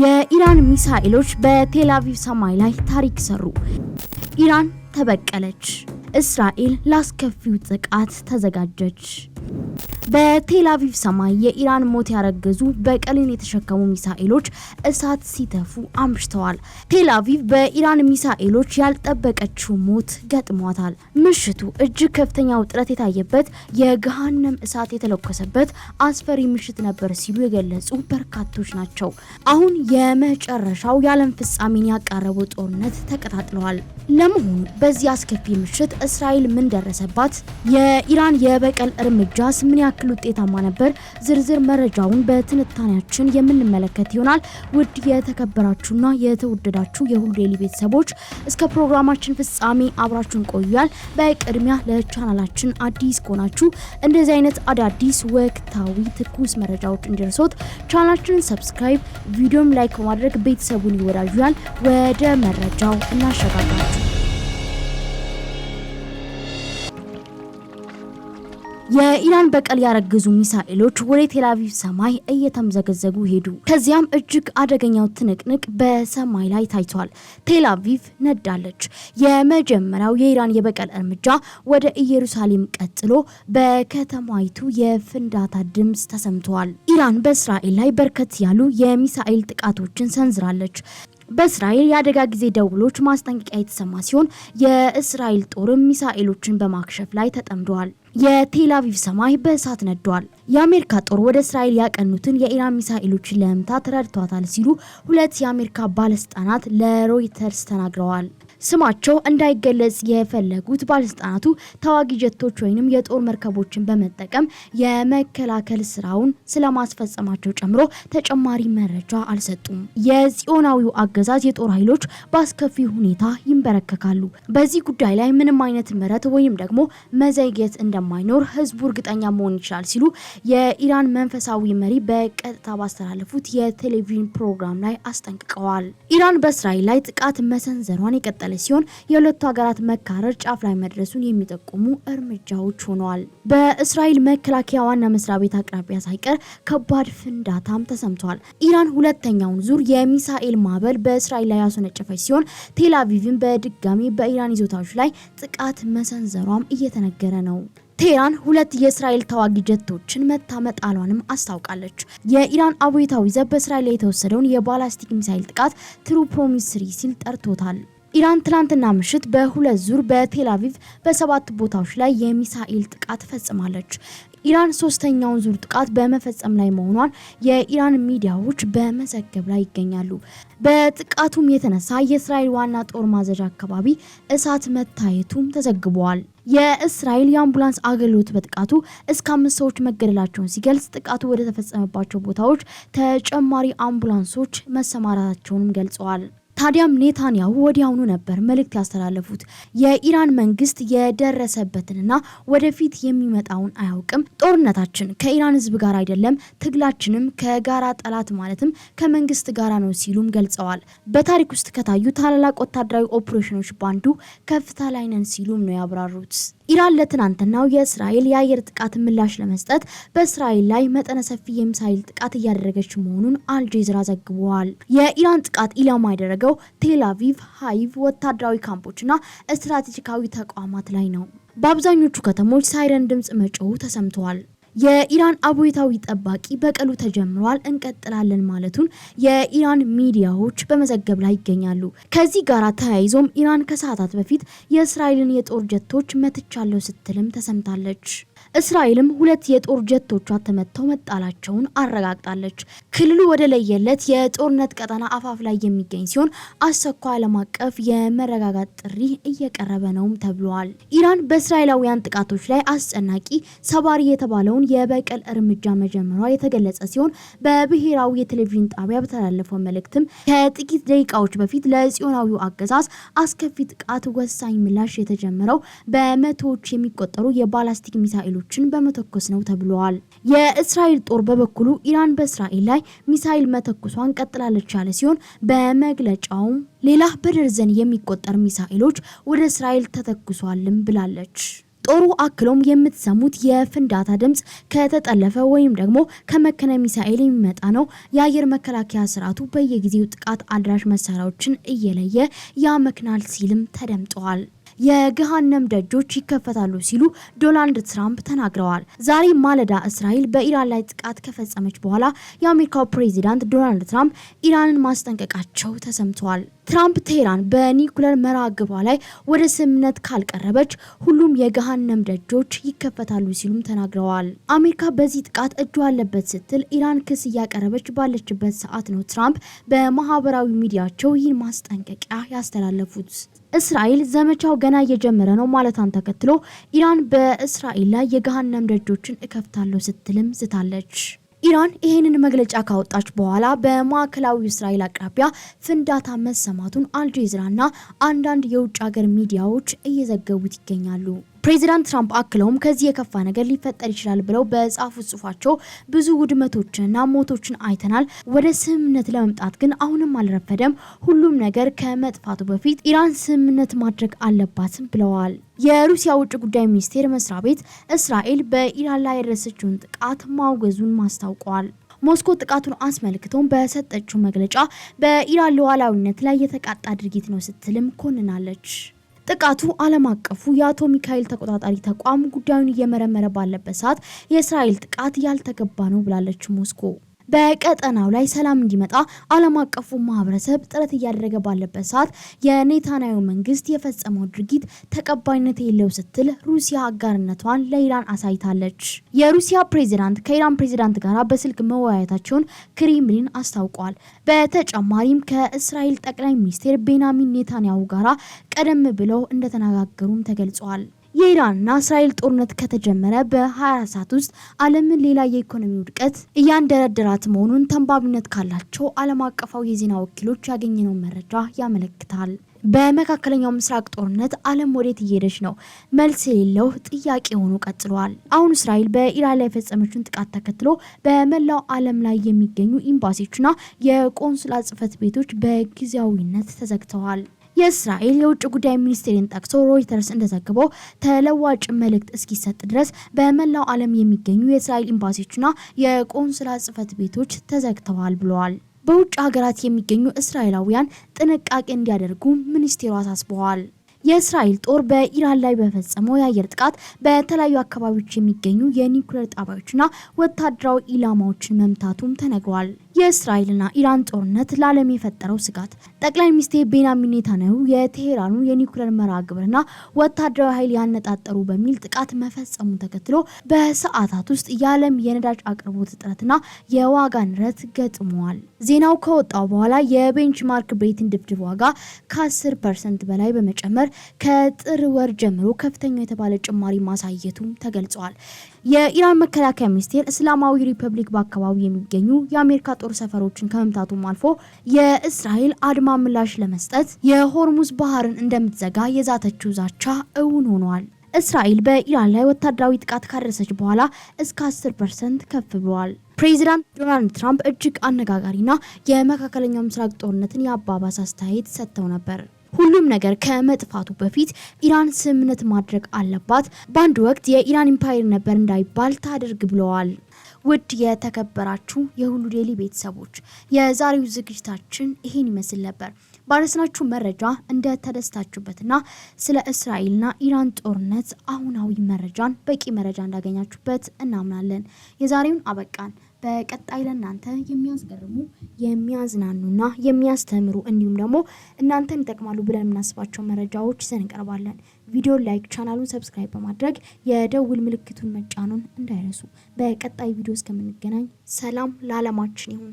የኢራን ሚሳኤሎች በቴላቪቭ ሰማይ ላይ ታሪክ ሰሩ። ኢራን ተበቀለች። እስራኤል ላስከፊው ጥቃት ተዘጋጀች። በቴላቪቭ ሰማይ የኢራን ሞት ያረገዙ በቀልን የተሸከሙ ሚሳኤሎች እሳት ሲተፉ አምሽተዋል። ቴል በኢራን ሚሳኤሎች ያልጠበቀችው ሞት ገጥሟታል። ምሽቱ እጅግ ከፍተኛ ውጥረት የታየበት የገሃነም እሳት የተለኮሰበት አስፈሪ ምሽት ነበር ሲሉ የገለጹ በርካቶች ናቸው። አሁን የመጨረሻው የዓለም ፍጻሜን ያቃረበው ጦርነት ተቀጣጥለዋል። ለመሆኑ በዚህ አስከፊ ምሽት እስራኤል ምን ደረሰባት? የኢራን የበቀል እርምጃስ ምን ያክል ውጤታማ ነበር? ዝርዝር መረጃውን በትንታኔያችን የምንመለከት ይሆናል። ውድ የተከበራችሁና የተወደዳችሁ የሁሉ ዴይሊ ቤተሰቦች እስከ ፕሮግራማችን ፍጻሜ አብራችሁን ቆያል። በቅድሚያ ለቻናላችን አዲስ ከሆናችሁ እንደዚህ አይነት አዳዲስ ወቅታዊ ትኩስ መረጃዎች እንዲደርሶት ቻናላችንን ሰብስክራይብ፣ ቪዲዮም ላይክ በማድረግ ቤተሰቡን ይወዳጁያል። ወደ መረጃው እናሸጋግራችሁ። የኢራን በቀል ያረገዙ ሚሳኤሎች ወደ ቴላቪቭ ሰማይ እየተምዘገዘጉ ሄዱ። ከዚያም እጅግ አደገኛው ትንቅንቅ በሰማይ ላይ ታይቷል። ቴላቪቭ ነዳለች። የመጀመሪያው የኢራን የበቀል እርምጃ ወደ ኢየሩሳሌም ቀጥሎ በከተማይቱ የፍንዳታ ድምፅ ተሰምተዋል። ኢራን በእስራኤል ላይ በርከት ያሉ የሚሳኤል ጥቃቶችን ሰንዝራለች። በእስራኤል የአደጋ ጊዜ ደውሎች ማስጠንቀቂያ የተሰማ ሲሆን የእስራኤል ጦርም ሚሳኤሎችን በማክሸፍ ላይ ተጠምደዋል። የቴል አቪቭ ሰማይ በእሳት ነዷል። የአሜሪካ ጦር ወደ እስራኤል ያቀኑትን የኢራን ሚሳኤሎችን ለመምታት ረድቷታል ሲሉ ሁለት የአሜሪካ ባለስልጣናት ለሮይተርስ ተናግረዋል። ስማቸው እንዳይገለጽ የፈለጉት ባለስልጣናቱ ተዋጊ ጀቶች ወይም የጦር መርከቦችን በመጠቀም የመከላከል ስራውን ስለማስፈጸማቸው ጨምሮ ተጨማሪ መረጃ አልሰጡም። የጽዮናዊው አገዛዝ የጦር ኃይሎች በአስከፊ ሁኔታ ይንበረከካሉ። በዚህ ጉዳይ ላይ ምንም አይነት ምህረት ወይም ደግሞ መዘግየት እንደማይኖር ህዝቡ እርግጠኛ መሆን ይችላል ሲሉ የኢራን መንፈሳዊ መሪ በቀጥታ ባስተላለፉት የቴሌቪዥን ፕሮግራም ላይ አስጠንቅቀዋል። ኢራን በእስራኤል ላይ ጥቃት መሰንዘሯን የቀጠለ ያለ ሲሆን የሁለቱ ሀገራት መካረር ጫፍ ላይ መድረሱን የሚጠቁሙ እርምጃዎች ሆነዋል። በእስራኤል መከላከያ ዋና መስሪያ ቤት አቅራቢያ ሳይቀር ከባድ ፍንዳታም ተሰምቷል። ኢራን ሁለተኛውን ዙር የሚሳኤል ማዕበል በእስራኤል ላይ ያስወነጨፈች ሲሆን ቴል አቪቭን በድጋሚ በኢራን ይዞታዎች ላይ ጥቃት መሰንዘሯም እየተነገረ ነው። ቴህራን ሁለት የእስራኤል ተዋጊ ጀቶችን መታ መጣሏንም አስታውቃለች። የኢራን አብዮታዊ ዘብ በእስራኤል ላይ የተወሰደውን የባላስቲክ ሚሳይል ጥቃት ትሩ ፕሮሚስ ሲል ጠርቶታል። ኢራን ትላንትና ምሽት በሁለት ዙር በቴል አቪቭ በሰባት ቦታዎች ላይ የሚሳኤል ጥቃት ፈጽማለች። ኢራን ሶስተኛውን ዙር ጥቃት በመፈጸም ላይ መሆኗን የኢራን ሚዲያዎች በመዘገብ ላይ ይገኛሉ። በጥቃቱም የተነሳ የእስራኤል ዋና ጦር ማዘዣ አካባቢ እሳት መታየቱም ተዘግበዋል። የእስራኤል የአምቡላንስ አገልግሎት በጥቃቱ እስከ አምስት ሰዎች መገደላቸውን ሲገልጽ ጥቃቱ ወደ ተፈጸመባቸው ቦታዎች ተጨማሪ አምቡላንሶች መሰማራታቸውንም ገልጸዋል። ታዲያም ኔታንያሁ ወዲያውኑ ነበር መልእክት ያስተላለፉት። የኢራን መንግስት የደረሰበትንና ወደፊት የሚመጣውን አያውቅም። ጦርነታችን ከኢራን ህዝብ ጋር አይደለም፣ ትግላችንም ከጋራ ጠላት ማለትም ከመንግስት ጋር ነው ሲሉም ገልጸዋል። በታሪክ ውስጥ ከታዩ ታላላቅ ወታደራዊ ኦፕሬሽኖች ባንዱ ከፍታ ላይ ነን ሲሉም ነው ያብራሩት። ኢራን ለትናንትናው የእስራኤል የአየር ጥቃት ምላሽ ለመስጠት በእስራኤል ላይ መጠነ ሰፊ የሚሳይል ጥቃት እያደረገች መሆኑን አልጄዝራ ዘግበዋል። የኢራን ጥቃት ኢላማ ያደረገው ቴል አቪቭ፣ ሀይቭ፣ ወታደራዊ ካምፖችና ስትራቴጂካዊ ተቋማት ላይ ነው። በአብዛኞቹ ከተሞች ሳይረን ድምፅ መጮሁ ተሰምተዋል። የኢራን አብዮታዊ ጠባቂ በቀሉ ተጀምሯል እንቀጥላለን ማለቱን የኢራን ሚዲያዎች በመዘገብ ላይ ይገኛሉ። ከዚህ ጋር ተያይዞም ኢራን ከሰዓታት በፊት የእስራኤልን የጦር ጀቶች መትቻለሁ ስትልም ተሰምታለች። እስራኤልም ሁለት የጦር ጀቶቿ ተመተው መጣላቸውን አረጋግጣለች። ክልሉ ወደ ለየለት የጦርነት ቀጠና አፋፍ ላይ የሚገኝ ሲሆን አስቸኳይ ዓለም አቀፍ የመረጋጋት ጥሪ እየቀረበ ነውም ተብሏል። ኢራን በእስራኤላውያን ጥቃቶች ላይ አስጨናቂ ሰባሪ የተባለውን የበቀል እርምጃ መጀመሯ የተገለጸ ሲሆን በብሔራዊ የቴሌቪዥን ጣቢያ በተላለፈው መልእክትም ከጥቂት ደቂቃዎች በፊት ለጽዮናዊው አገዛዝ አስከፊ ጥቃት ወሳኝ ምላሽ የተጀመረው በመቶዎች የሚቆጠሩ የባላስቲክ ሚሳኤሎች ሚሳይሎችን በመተኮስ ነው ተብሏል። የእስራኤል ጦር በበኩሉ ኢራን በእስራኤል ላይ ሚሳይል መተኮሷን ቀጥላለች ያለ ሲሆን በመግለጫውም ሌላ በደርዘን የሚቆጠር ሚሳኤሎች ወደ እስራኤል ተተኩሷልም ብላለች። ጦሩ አክሎም የምትሰሙት የፍንዳታ ድምፅ ከተጠለፈ ወይም ደግሞ ከመከነ ሚሳኤል የሚመጣ ነው። የአየር መከላከያ ስርዓቱ በየጊዜው ጥቃት አድራሽ መሳሪያዎችን እየለየ ያመክናል ሲልም ተደምጠዋል። የገሃነም ደጆች ይከፈታሉ ሲሉ ዶናልድ ትራምፕ ተናግረዋል። ዛሬ ማለዳ እስራኤል በኢራን ላይ ጥቃት ከፈጸመች በኋላ የአሜሪካው ፕሬዚዳንት ዶናልድ ትራምፕ ኢራንን ማስጠንቀቃቸው ተሰምተዋል። ትራምፕ ቴህራን በኒኩለር መርሃ ግብሯ ላይ ወደ ስምምነት ካልቀረበች ሁሉም የገሃነም ደጆች ይከፈታሉ ሲሉም ተናግረዋል። አሜሪካ በዚህ ጥቃት እጁ አለበት ስትል ኢራን ክስ እያቀረበች ባለችበት ሰዓት ነው ትራምፕ በማህበራዊ ሚዲያቸው ይህን ማስጠንቀቂያ ያስተላለፉት። እስራኤል ዘመቻው ገና እየጀመረ ነው ማለቷን ተከትሎ ኢራን በእስራኤል ላይ የገሃነም ደጆችን እከፍታለሁ ስትልም ዝታለች። ኢራን ይህንን መግለጫ ካወጣች በኋላ በማዕከላዊ እስራኤል አቅራቢያ ፍንዳታ መሰማቱን አልጀዚራና አንዳንድ የውጭ ሀገር ሚዲያዎች እየዘገቡት ይገኛሉ። ፕሬዚዳንት ትራምፕ አክለውም ከዚህ የከፋ ነገር ሊፈጠር ይችላል ብለው በጻፉት ጽሁፋቸው ብዙ ውድመቶችንና ሞቶችን አይተናል። ወደ ስምምነት ለመምጣት ግን አሁንም አልረፈደም። ሁሉም ነገር ከመጥፋቱ በፊት ኢራን ስምምነት ማድረግ አለባትም ብለዋል። የሩሲያ ውጭ ጉዳይ ሚኒስቴር መስሪያ ቤት እስራኤል በኢራን ላይ የደረሰችውን ጥቃት ማውገዙን ማስታውቋል። ሞስኮ ጥቃቱን አስመልክቶም በሰጠችው መግለጫ በኢራን ሉዓላዊነት ላይ የተቃጣ ድርጊት ነው ስትልም ኮንናለች። ጥቃቱ ዓለም አቀፉ የአቶ ሚካኤል ተቆጣጣሪ ተቋም ጉዳዩን እየመረመረ ባለበት ሰዓት የእስራኤል ጥቃት ያልተገባ ነው ብላለች ሞስኮ። በቀጠናው ላይ ሰላም እንዲመጣ ዓለም አቀፉ ማህበረሰብ ጥረት እያደረገ ባለበት ሰዓት የኔታንያሁ መንግስት የፈጸመው ድርጊት ተቀባይነት የለው ስትል ሩሲያ አጋርነቷን ለኢራን አሳይታለች። የሩሲያ ፕሬዚዳንት ከኢራን ፕሬዚዳንት ጋር በስልክ መወያየታቸውን ክሬምሊን አስታውቋል። በተጨማሪም ከእስራኤል ጠቅላይ ሚኒስትር ቤንያሚን ኔታንያሁ ጋራ ቀደም ብለው እንደተነጋገሩም ተገልጿል። የኢራንና እስራኤል ጦርነት ከተጀመረ በ24 ሰዓት ውስጥ ዓለምን ሌላ የኢኮኖሚ ውድቀት እያንደረደራት መሆኑን ተንባቢነት ካላቸው ዓለም አቀፋዊ የዜና ወኪሎች ያገኘነውን መረጃ ያመለክታል። በመካከለኛው ምስራቅ ጦርነት ዓለም ወዴት እየሄደች ነው? መልስ የሌለው ጥያቄ ሆኖ ቀጥሏል። አሁን እስራኤል በኢራን ላይ የፈጸመችውን ጥቃት ተከትሎ በመላው ዓለም ላይ የሚገኙ ኤምባሲዎችና የቆንስላ ጽህፈት ቤቶች በጊዜያዊነት ተዘግተዋል። የእስራኤል የውጭ ጉዳይ ሚኒስቴርን ጠቅሶ ሮይተርስ እንደዘገበው ተለዋጭ መልእክት እስኪሰጥ ድረስ በመላው ዓለም የሚገኙ የእስራኤል ኤምባሲዎችና የቆንስላ ጽህፈት ቤቶች ተዘግተዋል ብለዋል። በውጭ ሀገራት የሚገኙ እስራኤላውያን ጥንቃቄ እንዲያደርጉ ሚኒስቴሩ አሳስበዋል። የእስራኤል ጦር በኢራን ላይ በፈጸመው የአየር ጥቃት በተለያዩ አካባቢዎች የሚገኙ የኒውክሌር ጣቢያዎችና ወታደራዊ ኢላማዎችን መምታቱም ተነግሯል። የእስራኤልና ኢራን ጦርነት ለዓለም የፈጠረው ስጋት ጠቅላይ ሚኒስትር ቤንያሚን ኔታንያሁ የቴሄራኑ የኒውክሌር መርሃ ግብርና ወታደራዊ ኃይል ያነጣጠሩ በሚል ጥቃት መፈጸሙን ተከትሎ በሰዓታት ውስጥ የዓለም የነዳጅ አቅርቦት እጥረትና የዋጋ ንረት ገጥመዋል። ዜናው ከወጣው በኋላ የቤንችማርክ ብሬንት ድብድብ ዋጋ ከ10 ፐርሰንት በላይ በመጨመር ከጥር ወር ጀምሮ ከፍተኛው የተባለ ጭማሪ ማሳየቱም ተገልጿል። የኢራን መከላከያ ሚኒስቴር እስላማዊ ሪፐብሊክ በአካባቢ የሚገኙ የአሜሪካ ጦር ሰፈሮችን ከመምታቱም አልፎ የእስራኤል አድማ ምላሽ ለመስጠት የሆርሙዝ ባህርን እንደምትዘጋ የዛተችው ዛቻ እውን ሆኗል። እስራኤል በኢራን ላይ ወታደራዊ ጥቃት ካደረሰች በኋላ እስከ 10 ፐርሰንት ከፍ ብሏል። ፕሬዚዳንት ዶናልድ ትራምፕ እጅግ አነጋጋሪና የመካከለኛው ምስራቅ ጦርነትን የአባባስ አስተያየት ሰጥተው ነበር። ሁሉም ነገር ከመጥፋቱ በፊት ኢራን ስምምነት ማድረግ አለባት። በአንድ ወቅት የኢራን ኢምፓየር ነበር እንዳይባል ታደርግ ብለዋል። ውድ የተከበራችሁ የሁሉ ዴይሊ ቤተሰቦች የዛሬው ዝግጅታችን ይሄን ይመስል ነበር። ባለስናችሁ መረጃ እንደ ተደስታችሁበትና ስለ እስራኤልና ኢራን ጦርነት አሁናዊ መረጃን በቂ መረጃ እንዳገኛችሁበት እናምናለን። የዛሬውን አበቃን። በቀጣይ ለእናንተ የሚያስገርሙ የሚያዝናኑና የሚያስተምሩ እንዲሁም ደግሞ እናንተን ይጠቅማሉ ብለን የምናስባቸው መረጃዎች ይዘን እንቀርባለን። ቪዲዮ ላይክ፣ ቻናሉን ሰብስክራይብ በማድረግ የደውል ምልክቱን መጫኑን እንዳይረሱ። በቀጣይ ቪዲዮ እስከምንገናኝ ሰላም ለዓለማችን ይሁን።